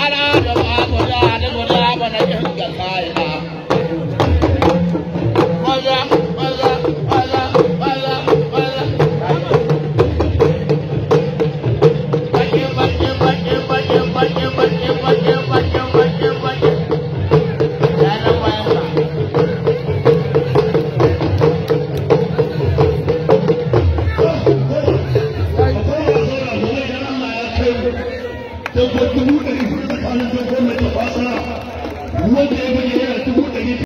Ana da ba त उहो जे